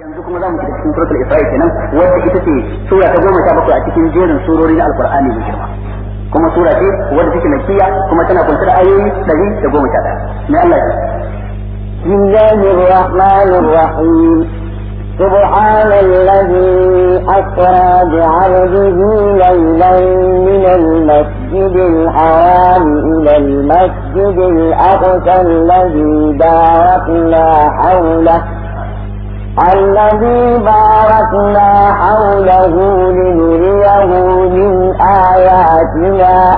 yanzu kuma za mu shiga cikin suratul isra'i kenan wadda ita ce sura ta goma sha bakwai a cikin jerin surori na alqur'ani mai girma kuma sura ce wadda take makiya kuma tana kunta da ayoyi dari da goma sha ɗaya mai Allah ya بسم الله الرحمن الرحيم سبحان الذي أسرى بعبده ليلا من المسجد الحرام إلى المسجد الأقصى الذي باركنا حوله الذي باركنا حوله لنريه من آياتنا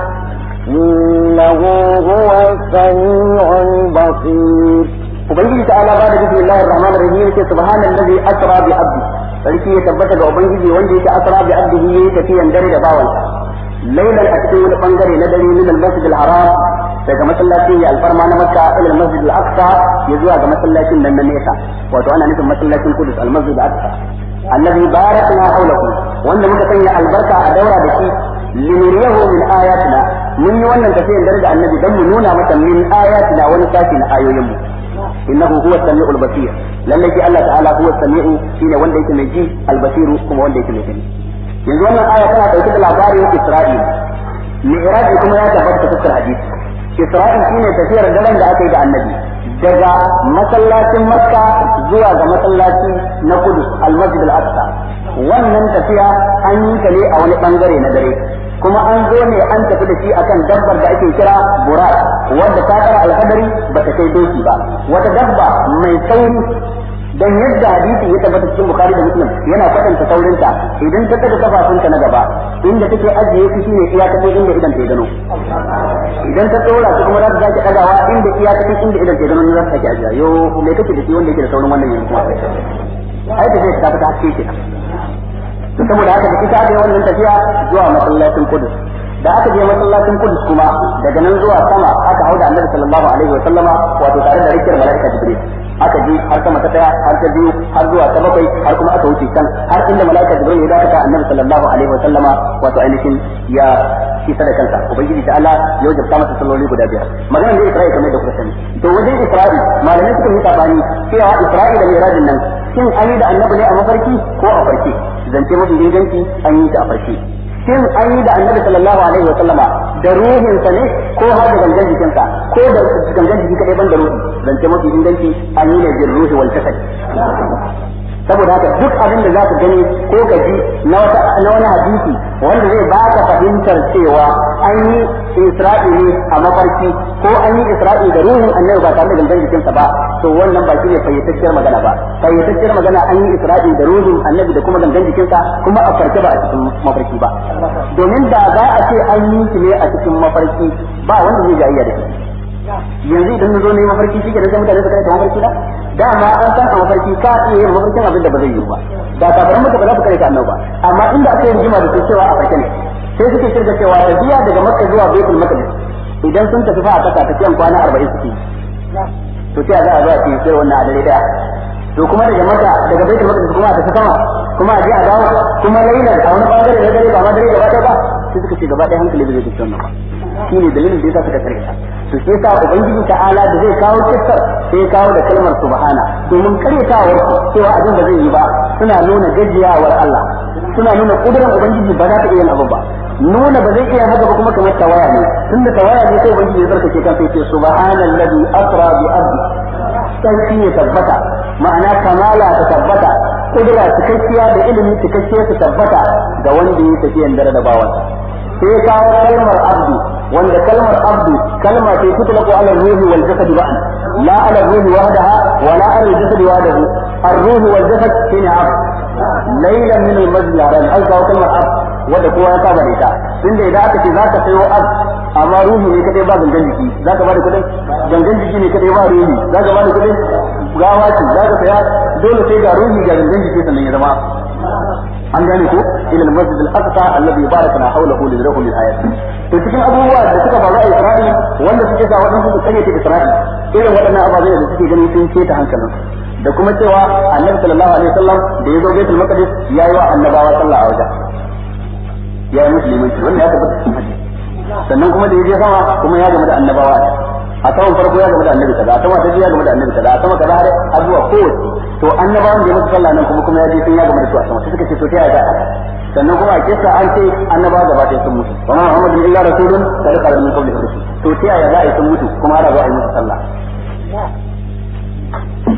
إنه هو السميع البصير وبيجي تعالى بعد بسم الله الرحمن الرحيم سبحان الذي أسرى بعبده فلكي يتبت بعبده وانجي أسرى بعبده كثيرا أن جرد باولا ليلا أكتول قنجري لدري من المسجد الحرام daga masallacin ya alfarma na makka ila masjid al-aqsa ya zuwa ga masallacin nan na nesa wato ana nufin masallacin kudus al-masjid al-aqsa allazi barakna hawlahu wanda muka sanya albarka a daura da shi linuriyahu min ayatina mun yi wannan tafiyar daraja annabi dan mu nuna masa min ayatina wani sashi na ayoyin mu innahu huwa samiul basir lalle shi Allah ta'ala huwa samiu shine wanda yake mai ji al-basiru kuma wanda yake mai gani yanzu wannan aya tana dauke da labarin Isra'il mi'raji kuma ya tabbata ta fuskar hadisi isra'il shine tafiyar daren da aka yi da annabi daga masallacin makka zuwa ga masallaci na kudus almasjid al-aqsa wannan tafiya an yi ta ne a wani bangare na dare kuma an zo ne an tafi da shi akan dabbar da ake kira burak wanda ta kara alhadari ba ta kai doki ba wata dabba mai sauri dan yadda hadisi ya tabbata cikin bukhari da muslim yana kwatanta saurinta idan ta daga kafafunta na gaba inda take ajiye shi shine iya ta inda idan ta gano idan ta tsora su kuma za su zaki dagawa inda iya iyakacin inda idan ke zama za su sake ajiya yo me kake da shi wanda yake da saurin wannan yanzu kuma ai da zai tafi ta haske ke to saboda haka da ita aka yi wannan tafiya zuwa masallacin Qudus da aka je masallacin Qudus kuma daga nan zuwa sama aka hauda Annabi sallallahu alaihi wa sallama wato tare da rikiyar malaika Jibril aka ji har sama ta daya har ta biyu har zuwa ta bakwai har kuma aka wuce can har inda malaika Jibril ya dace annabi sallallahu alaihi wa sallama wato ainihin ya shi sada da kansa ubangiji ta Allah ya wajabta masa salloli guda biyar maganar da Isra'i kamar da kuka sani to wajen Isra'i malamai suka yi tabani cewa Isra'i da Mi'rajin nan shin an yi da annabi ne a mafarki ko a farki zance mafi inganci an yi ta a farki shin an yi da annabi sallallahu alaihi wa sallama da ruhinsa ne ko har da gangan jikinsa ko da gangan jiki kadai ban da ruhi zance mafi inganci an yi da bil ruhi wal jasad saboda haka duk abin da za ka gani ko ka ji na wani hadisi wanda zai ba ka fahimtar cewa an yi isra'i ne a mafarki ko an yi isra'i da ruhin annabi ba tare da gangan jikinsa ba to wannan ba shine fayyatacciyar magana ba fayyatacciyar magana an yi isra'i da ruhin annabi da kuma gangan jikinsa kuma a farke ba a cikin mafarki ba domin da za a ce an yi shi ne a cikin mafarki ba wanda zai iya da shi yanzu idan na zo ne mafarki shi ke da mutane su kai mafarki da dama an san a mafarki ka iya yin mafarkin abin da ba zai yi ba da kafaran mutu ba za su kare ka annabi ba amma inda aka yi jima da su cewa a farke sai suke shirka cewa biya daga makka zuwa baitul maqdis idan sun tafi fa a kasa tafiyan kwana 40 suke to sai za a zuwa cikin sai wannan a dare daya to kuma daga maka daga baitul maqdis kuma a tafi sama kuma a je a dawo kuma lailan a wani bangare na dare ba ma dare ba ta ba sai suka ce gaba ɗaya hankali da zai dace ba shi ne dalilin da yasa suka karkata to shi sa ubangiji ta'ala da zai kawo kissar sai kawo da kalmar subhana domin karyatawar cewa abin da zai yi ba suna nuna gajiyawar Allah suna nuna kudurar ubangiji ba za ta iya yin abu ba nuna ba zai iya haka ba kuma kamar tawaya ne tun da tawaya ne sai ubangiji ya tsarkake kansa yace subhanallazi asra bi abdi sarki ya tabbata ma'ana kamala ta tabbata kudura cikakkiya da ilimi cikakkiya ta tabbata ga wanda ya tafiyan dare da bawansa sai kawo kalmar abdu wanda kalmar abdu kalma ce tutlaqu ala ruhi wal jasad ba'an la ala ruhi wahdaha wa la ala jasad wahdahu ar ruhi wal jasad shine abd layla min al-majla ran al kawo kalmar abd wanda kowa ya saba da ita tunda idan aka ce zaka sayo abd amma ruhi ne kadai ba gangan jiki zaka ba da kudin gangan jiki ne kadai ba ruhi zaka ba da kudin gawa ce zaka saya dole sai ga ruhi ga gangan jiki sannan ya zama an gane ko ila al-masjid al-aqsa alladhi barakna hawlahu li nurahu min ayati to cikin abubuwa da suka faru a Isra'il wanda suke sa wadansu suke kare ta Isra'il irin waɗannan ababe da suke ganin sun ce ta hankalin da kuma cewa Annabi sallallahu alaihi wasallam da ya zo Baitul Maqdis yayi wa annabawa sallah a wajen ya yi musulmi wannan ya tabbata cikin hadisi sannan kuma da ya je sama kuma ya gama da annabawa a saman farko ya game da annabi kaza a tsawon ta ya game da annabi kaza a sama kaza har har kowace to annabawan da ya musu sallah nan kuma kuma ya je sun ya game da su a sama suka ce to ta yaya sannan kuma a kissa an ce da ba ɗaya sun mutu wa ma muhammadu illa rasulun kada kada min qawli to ta yaya za a yi sun mutu kuma har zuwa a yi musu sallah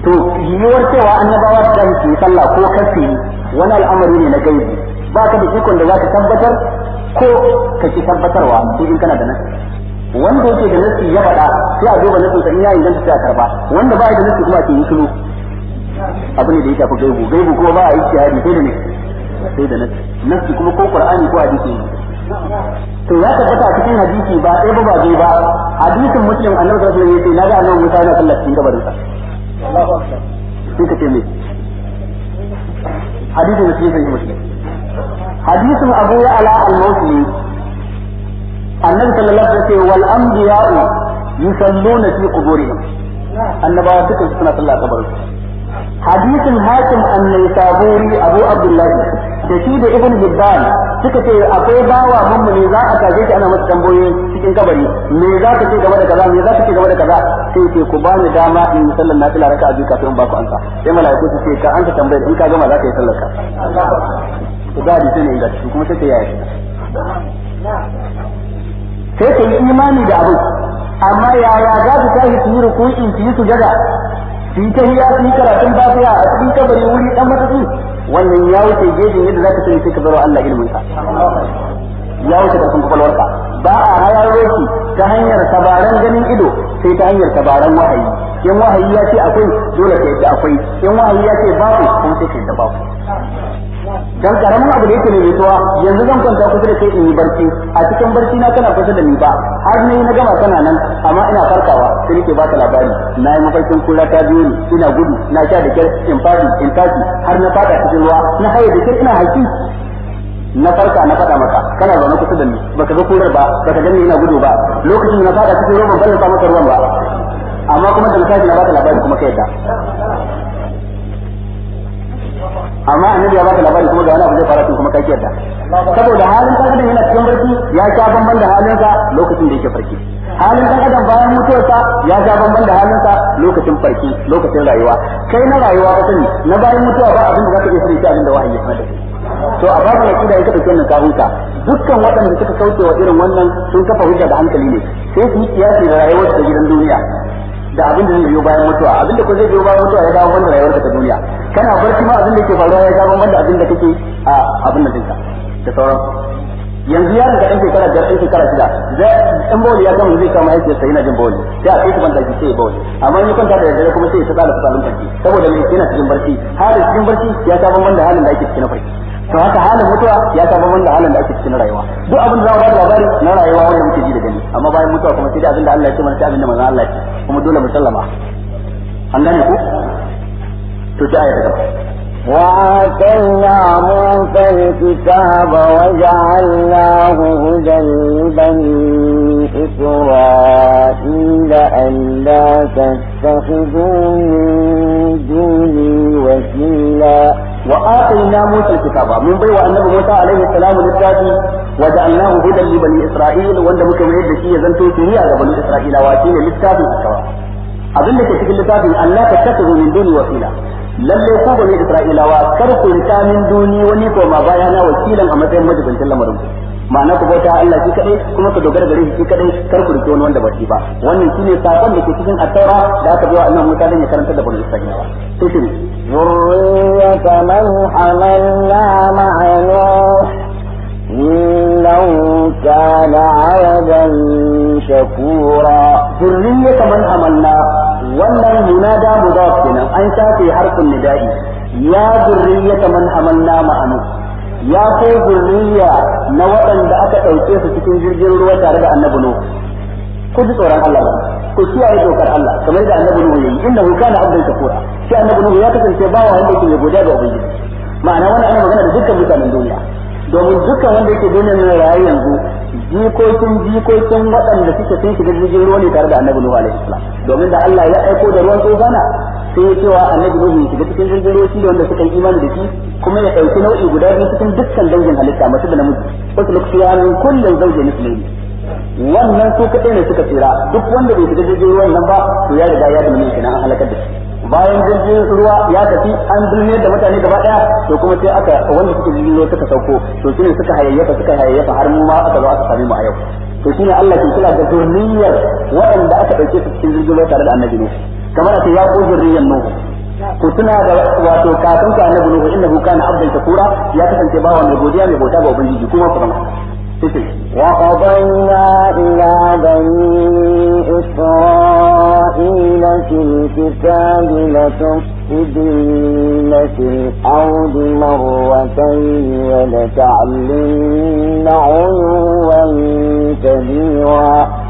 to yiwuwar cewa annabawa da su sallah ko kafi wani al'amari ne na gaibi ba ka da ikon da za ka tabbatar ko ka ki tabbatarwa sai in kana da wanda yake da nasi ya faɗa sai a duba nasi sa in ya yi sai a karba wanda ba ya da nasi kuma ke yi shiru abu ne da ya shafi gaibu gaibu kuma ba a yi hadi sai da ne sai da nasi nasi kuma ko qur'ani ko hadisi to ya tabbata a cikin hadisi ba ɗaya ba ba biyu ba hadisin muslim annabi sallallahu alaihi wasallam ya ce na ga annabi Musa yana sallar cikin gabarin sa sai ka ce me hadisin da cikin muslim hadisin Abu ya ala al-Mawsimi annabi sallallahu alaihi wasallam wal anbiya'u yusalluna fi quburihim annabawa duka suna sallah kabarin Hadithin hakim annai saburi abu abdullahi da shi da ibn hibban suka ce akwai bawa mummuni za a kaje shi ana masa tambayoyi cikin kabari me za ka ce game da kaza me za ka ce game da kaza sai ce ku bani dama in yi sallar nafila raka'a biyu kafin ba ku ansa sai malaiku su ce ka anta tambayar in ka gama za ka yi sallar ka ku ga hadisi ne inda kuma sai ta yaya shi sai ka yi imani da abu amma yaya za su tashi su yi rukunin su yi sujada su yi ta su yi karatun fatiha a cikin kabari wuri dan matsatsi wannan ya wuce gejin yadda za ka sani sai ka zaro Allah ilimin ka ya wuce karfin kwakwalwarka ba a hayar shi ta hanyar tabaran ganin ido sai ta hanyar tabaran wahayi in wahayi ya ce akwai dole ka yi akwai in wahayi ya ce babu kuma sai ka da babu dan karamin abu da yake ne mutuwa yanzu zan kwanta kusa da kai in yi barci a cikin barci na kana kusa da ni ba har ne na gama kana nan amma ina farkawa sai nake baka labari na yi mafarkin kula ta biyu ni ina gudu na sha da kyar in fadi in tashi har na fada cikin ruwa na haye da kyar ina haƙi na farka na faɗa maka kana zaune kusa da ni baka ga kurar ba baka gani ina gudu ba lokacin na fada cikin ruwa ban ballanta maka ruwan ba amma kuma da misali na baka labari kuma kai da amma annabi ya baka labari kuma ga wani abu zai fara kuma ka kiyarta saboda halin dan adam yana cikin barci ya sha bamban da halin sa lokacin da yake farki halin dan adam bayan mutuwarsa ya sha bamban da halin sa lokacin farki lokacin rayuwa kai na rayuwa ka sani na bayan mutuwa ba abin da zaka iya sani sai abin da wahayi ya fada to a babu da yake da kenan ka huta dukkan waɗanda suka kauce wa irin wannan sun kafa hujja da hankali ne sai su yi kiyasi da rayuwar da gidan duniya da abin da zai biyo bayan mutuwa abin da ko zai biyo bayan mutuwa ya dawo wannan rayuwar ta duniya kana barci ma abin da ke faruwa ya ga banda abin da kake a abin da dinka da sauran yanzu yaran da ɗan shekara biyar ɗan shekara shida ɗan bawali ya kama zai kama yake sai yana jin bawali sai a kai ban daki sai bawali amma in kwanta da daddare kuma sai ya tsala tsalin barci saboda mai yana cikin barci halin cikin barci ya ta banda halin da ake cikin farki to haka halin mutuwa ya ta banda halin da ake cikin rayuwa duk abin da za mu ba labari na rayuwa wanda muke ji da gani amma bayan mutuwa kuma sai da abin da Allah ya ce mana sai abin da manzo Allah ya ce kuma dole mu sallama an gane ku وآتينا موسى الكتاب وجعلناه هدى لبني إسرائيل ألا تتخذوا من دوني وكيلا وآتينا موسى الكتاب من بيوى أن موسى عليه السلام للكاتب وجعلناه هدى لبني إسرائيل وأن وأنه كما يدى شيء يزنتو على لبني إسرائيل وآتينا للكاتب أظن أظن في الكتاب كتاب أن لا تتخذوا من دوني وكيلا lalle ku bane isra'ilawa kar ku rika min duni wani ko ma baya na wakilan a matsayin majibincin lamarin ku ma'ana ku bauta Allah shi kadai kuma ku dogara gare shi shi kadai kar ku rike wani wanda ba shi ba wannan shine sakon da ke cikin at-taura da aka zo annabi Musa dan ya karanta da bani Isra'ilawa to shi ذرية من حملنا ma'ana إنه كان عبدا شكورا ذرية من حملنا wannan ينادى mudaf an shafe harfin nida'i ya zurriyata man hamanna ma'anu ya ko zurriya na waɗanda aka ɗauke su cikin jirgin ruwa tare da annabi nuhu ku ji tsoron Allah ku kiyaye dokar Allah kamar da annabi nuhu yayi innahu kana abdan kafura sai annabi nuhu ya kasance ba wa wanda yake mai godiya ga ubangiji ma'ana wannan ana magana da dukkan mutanen duniya domin dukkan wanda yake duniyar nan rayu yanzu jikokin jikokin waɗanda suke sun shiga jirgin ruwa ne tare da annabi nuhu alaihi salam domin da Allah ya aiko da ruwan tsofana sai ya cewa annabi nuhu ya shiga cikin jirgin shi wanda suka yi imani da shi kuma ya ɗauki nau'i guda biyu cikin dukkan dangin halitta masu da namiji wasu lokaci ya min kullum zai je musulmi wannan su kaɗai ne suka tsira duk wanda bai shiga jirgin ruwan nan ba to ya riga ya dalmi shi an halakar da shi bayan jirgin ruwa ya tafi an dulmiyar da mutane gaba ɗaya to kuma sai aka wanda suka jirgin ruwa suka sauko to shine suka hayayyafa suka hayayyafa har mu ma aka zo aka same mu a yau to shine Allah ke kira da zurniyar waɗanda aka ɗauke su cikin jirgin ruwa tare da annabi Nuhu kamar a ce ya ko zurriyan nuhu ku tuna da wato kafin ka annabi nuhu innahu kana abdan shakura ya kasance bawa mai godiya mai bauta ga ubangiji kuma ku وقضينا إلى بني إسرائيل في الكتاب لتفسدن في الأرض مرتين ولتعلن علوا كبيرا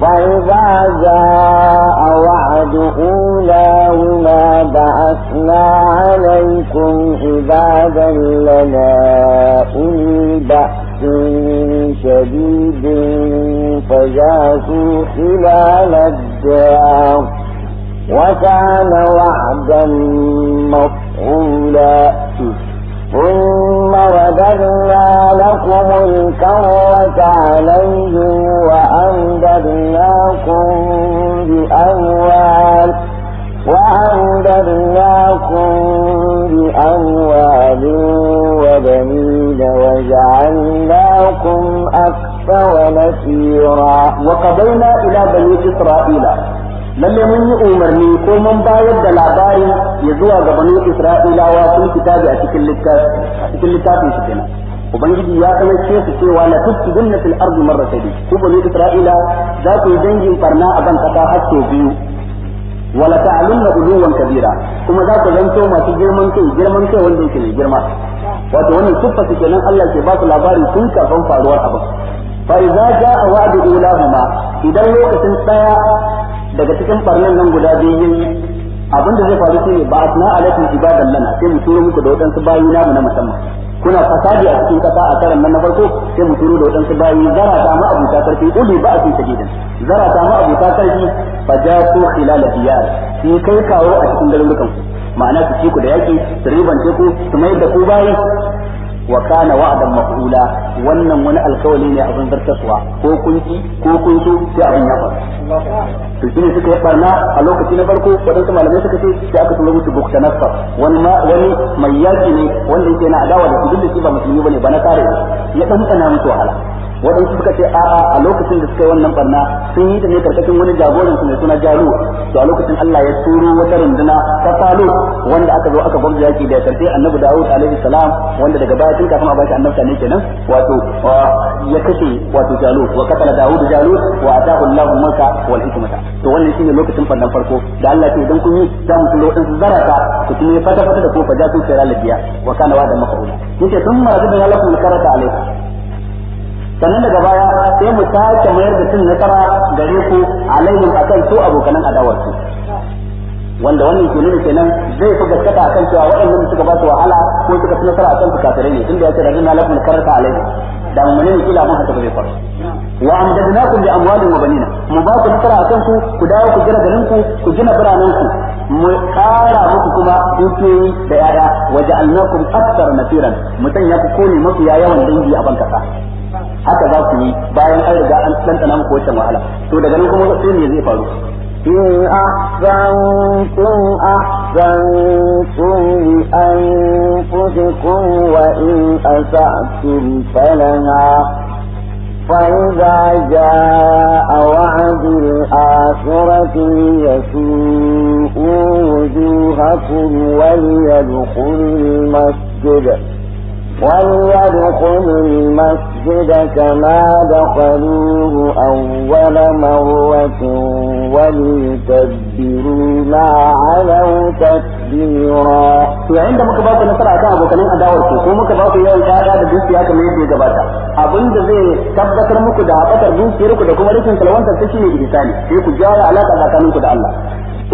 فإذا جاء وعد أولاهما بعثنا عليكم عبادا لنا أولي بأس شديد فجاسوا خلال الدار وكان وعدا مفعولا ورددنا لكم الكرة عليهم وأمددناكم بأموال وأمددناكم بأموال وبنين وجعلناكم أكثر نفيرا وقضينا إلى بني إسرائيل lalle mun yi umarni ko mun bayar da labari ya zuwa ga banu isra'ilawa sun kitabi a cikin littafi cikin littafin shi kenan ubangiji ya sanar su cewa la tusjidunna fil ardi marratayn ku banu isra'ila za ku yi dangin farna a ban kasa har sau biyu wala ta'alunna uluwan kabira kuma za ku zanto masu girman kai girman kai wanda yake mai girma wato wannan siffa kenan Allah ke ba su labari tun kafin faruwar abin fa idza jaa wa'du ulahuma idan lokacin daya daga cikin farnan nan guda biyu abin da zai faru shine ba a asna alaikum ibadan lana sai mu turo muku da waɗansu bayi namu na musamman kuna fasadi a cikin ƙasa a karan nan na farko sai mu turo da waɗansu bayi zara ta ma abuta karfi uli ba a ta gidan zara ta ma abuta karfi fa ja'u khilal diyar sai kai kawo a cikin garurukan ku ma'ana su ci ku da yaki su ribance ku su mai da ku bayi wa kana wa'adan maf'ula wannan wani alkawali ne a abin zartaswa ko kunki ko kunsu sai abin ya faru to shine suka yi barna a lokaci na farko waɗansu malamai suka ce sai aka tura musu bukta nasfa wani wani mai yaki ne wanda yake na adawa da su duk da shi ba musulmi bane ba na kare ya dan tsana musu wahala waɗansu suka ce a'a a lokacin da suka yi wannan barna sun yi ta ne karkashin wani jagoran su mai suna jalu to a lokacin Allah ya turo wata runduna ta falo wanda aka zo aka gwamza yaki da karfe annabi Dawud alaihi salam wanda daga baya tun kafin a bashi annabta ne kenan wato ya kashe wato jalu wa katala Dawud jalu wa atahu Allahu mulka wal hikmata to wannan shine lokacin farnan farko da Allah ce idan kun yi za mu tulo wadansu zarata ku kuma fata fata da ko fa jatu sai ralabiya wa kana wa da mafa'ula yace sun marar da lakum karata alaikum sannan daga baya sai mu sake mayar da cin nasara gare ku alaihim akan su abokanan adawarsu wanda wannan ke nuna kenan zai fi gaskata akan cewa waɗannan suka ba su wahala ko suka fi nasara akan su kafirai ne tunda ya ce rajin lakum karata alaihim da mun ne kila mun haka bai faru wa amdadnakum bi amwalin wa banina mu ba ku nasara akan su ku dawo ku gina garin ku ku gina biranen ku mu kara muku kuma dukiyoyi da yaya waja'alnakum aktsara nasiran mutan ya ku kone ya yawan dangi a bankasa haka za su yi bayan an riga an ɗanɗana muku wacce wahala to daga nan kuma sai ne zai faru in ahsantum ahsantum li anfusikum wa in asatum falaha فإذا جاء وعد الآخرة ليسوءوا وجوهكم وليدخل المسجد وليدخلوا المسجد كما دخلوه أول a وليتبروا ما علوا تكبيرا yayin da muka ba ku nasara akan abokanin adawar ku ko muka ba ku yawan ƴaƴa da dukiya kamar yadda ya gabata abin da zai tabbatar muku da haɓakar dukiyar ku da kuma rikin salwantar ta shine ihsani sai ku gyara alaƙa tsakaninku da Allah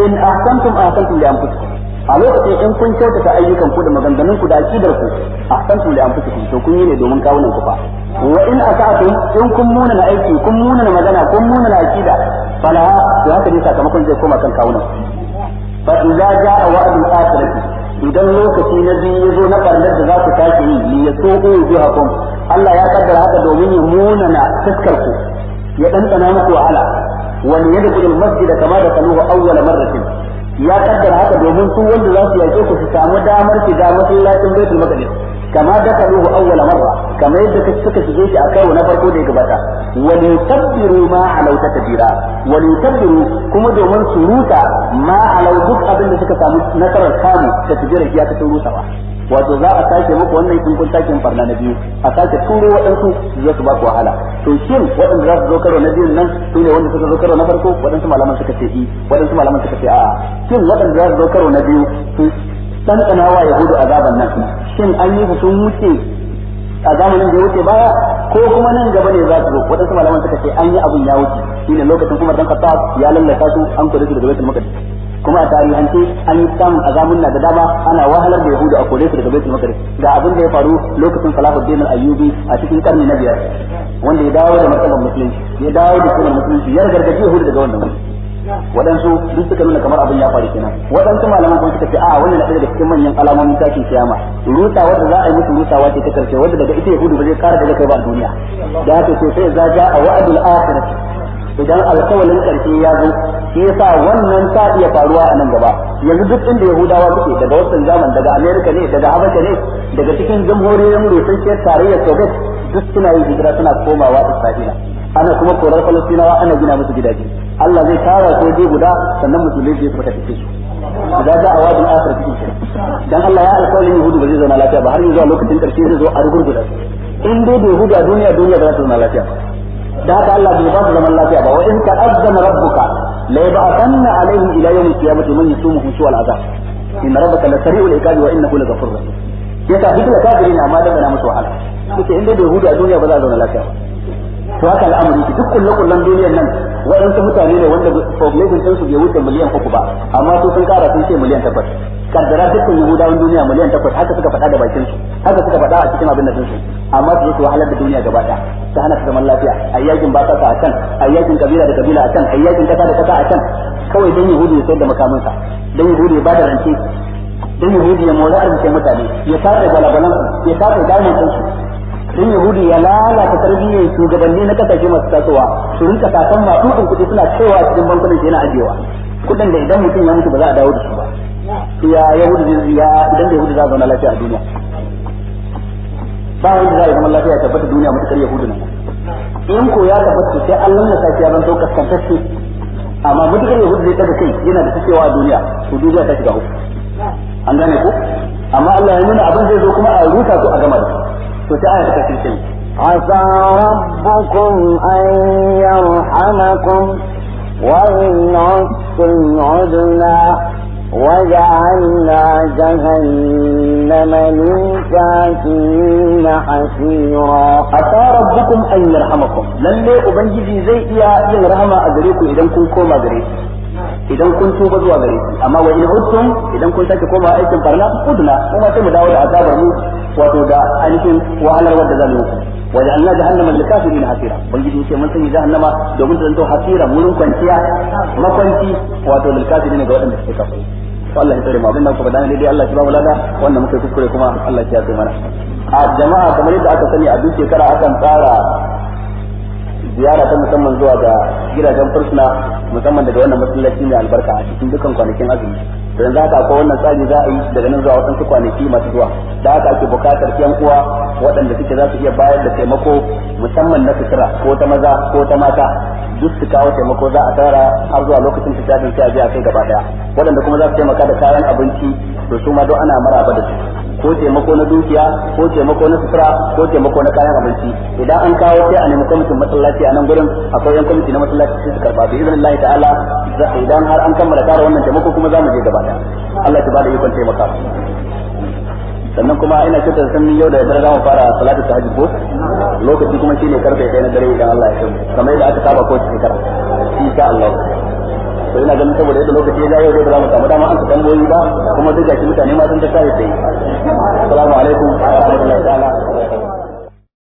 in ahsantum ahsantum li anfusikum a lokacin in kun kyautata ayyukan ku da maganganun ku da akidar ku a ahsantu li anfusikum to kun yi ne domin kawunan ku fa wa in asa'tum in kun muna na aiki kun muna na magana kun muna na akida fala to haka ne sakamakon zai koma kan kawunan fa idza ja'a wa'dul akhirati idan lokaci na biyu ya zo na barnar da za ku tashi yi li zuwa wujuhakum Allah ya kaddara haka domin ya muna na fuskar ku ya dandana muku wahala Wani wal yadkhulul masjida kama da kaluhu awwala marratin ya kaddara haka domin su wanda za su yake ku su samu damar shiga masallacin baitul maqdis kama dakaluhu awwal marra kama yadda suka shige shi a karo na farko da ya gabata wa yukabbiru ma alau takbira wa yukabbiru kuma domin su ruta ma alau duk abin da suka samu nasarar kamu ta tijira ya ta rutawa wato za a sake muku wannan in kun sake farna na biyu a sake turo waɗansu zai su ba ku wahala to shin waɗanda za su zo karo na biyun nan su ne wanda suka zo karo na farko waɗansu malaman suka ce i waɗansu malaman suka ce a'a shin waɗanda za su zo karo na biyu su ɗanɗana wa yahudu azaban nan shin an yi su sun wuce a zamanin da ya wuce baya ko kuma nan gaba ne za su zo waɗansu malaman suka ce an yi abun ya wuce shine lokacin kuma dan Khattab ya lallata su an kore su daga Baitul Maqdis kuma a tarihance an yi samun na da dama ana wahalar da yahudu a kore su daga baitul maqdis ga abin da ya faru lokacin salahuddin al-ayyubi a cikin karni na biyar wanda ya dawo da matsalar musulunci ya dawo da sunan musulunci ya gargaji yahudu daga wannan waɗansu duk suka nuna kamar abin ya faru kenan waɗansu malaman kuma suka ce a wannan na ɗaya daga cikin manyan alamomin tashin kiyama rusawa da za a yi musu rusawa ce ta karshe wanda daga ita yahudu ba zai kara daga kai ba duniya da haka sai za ja a wa'adul akhirah idan alkawalin karshe ya zo shi yasa wannan ta iya faruwa a nan gaba yanzu duk inda yahudawa suke daga wasan zaman daga america ne daga habasha ne daga cikin jamhuriyoyin rusasshen tarayyar soviet duk suna yin hijira suna komawa isra'ila ana kuma korar falastinawa ana gina musu gidaje allah zai tara soje guda sannan musulmi zai fita cikin su da da awa bil akhir cikin shi dan Allah ya alƙawarin yahudu ba zai zauna lafiya ba har yanzu a lokacin karshe zai zo a rugurguda in dai da yahudu a duniya duniya ba za ta zauna lafiya ba. da haka Allah bai ba su zaman lafiya ba wa in ta'azzama rabbuka la yab'athanna alaihim ila yawm al-qiyamati man yusumuhum su'a al-'adab inna rabbaka la sari'ul iqabi wa innahu la ghafurur rahim amma da musu wahala kuke inda bai hudu duniya ba za a zauna lafiya to haka al'amari duk kullu kullun duniyar nan waɗansu mutane ne wanda population ɗin su bai wuce miliyan uku ba amma su sun kara sun ce miliyan takwas kaddara dukkan yahudawan duniya miliyan takwas haka suka faɗa da bakin su haka suka faɗa a cikin abin da sun su amma su zo wahalar da duniya gaba ɗaya ta hana su zaman lafiya ayyakin ba ta a kan ayyakin kabila da kabila a kan ayyakin kasa da kasa a kan kawai dan yahudi ya sayar da makamansa dan yahudi ya ba da rance dan yahudi ya mora arzikin mutane ya tafi gwalagwalansu ya tafi gane su sun yahudi ya lalata tarbiyyar shugabanni na kasashe masu tasowa su rinka sakan masu kuɗi suna cewa cikin bankunan shi yana ajiyewa kuɗin da idan mutum ya mutu ba za a dawo da shi ba ya yahudi ya idan da yahudi za a zauna lafiya a duniya ba wanda za a zama lafiya tabbata duniya mutukar Yahudi na. in ko ya tabbata sai an lallata shi ya zanto kaskantacce amma mutukar Yahudi zai daga kai yana da cewa a duniya to duniya ta shiga uku an gane ku amma Allah ya nuna abin zai zo kuma a rusa su a gama da su to aya ta kace asa rabbukum an yarhamakum wa in ustum udna وجعلنا جهنم للكافرين حسيرا عسى ربكم أن يرحمكم لن لي أبنجي زي إيا يرحم أدريكم idan kun tuba zuwa gari. shi amma wa in idan kun sake koma aikin barna udna kuma sai mu dawo da azabar mu wato da ainihin wahalar wadda zamu muku waje an yaji hannama da kafiri na hasira ubangiji ce mun sanya jahannama domin ta zanto hasira mun kwanciya makwanci wato da kafiri ne ga waɗanda suke kafiri Allah ya tsare mu abin da kuma dana dai Allah ya ba mu lada wannan muka kuskure kuma Allah ya tsare mana a jama'a kamar yadda aka sani a duk shekara akan tsara ziyara ta musamman zuwa ga gidajen fursuna musamman daga wannan masallaci mai albarka a cikin dukkan kwanakin azumi don za ka akwai wannan tsari za a yi daga nan zuwa waɗansu kwanaki masu zuwa da haka ake buƙatar yan uwa waɗanda suke za su iya bayar da taimako musamman na sutura ko ta maza ko ta mata duk su kawo taimako za a tara har zuwa lokacin su sai a je a kai gaba ɗaya waɗanda kuma za su taimaka da kayan abinci to su ma duk ana maraba da su ko taimako na dukiya ko taimako na sutura ko taimako na kayan abinci idan an kawo sai a nemi kwamitin masallaci a nan gurin akwai yan kwamiti na masallaci su karba bi idan Allah ta'ala idan har an kammala tara wannan taimako kuma za mu je gaba Allah ta bada ikon taimaka sannan kuma ina kyauta da sannin yau da dare za mu fara salatu ta hajji ko lokaci kuma shine karfe 1 na dare idan Allah ya kama kamar yadda aka saba ko shekara insha Allah to ina ganin saboda yadda lokaci ya jayo da ba mu samu dama an ta tambayoyi ba kuma duk da shi mutane ma sun ta sai dai assalamu alaikum wa rahmatullahi wa ta'ala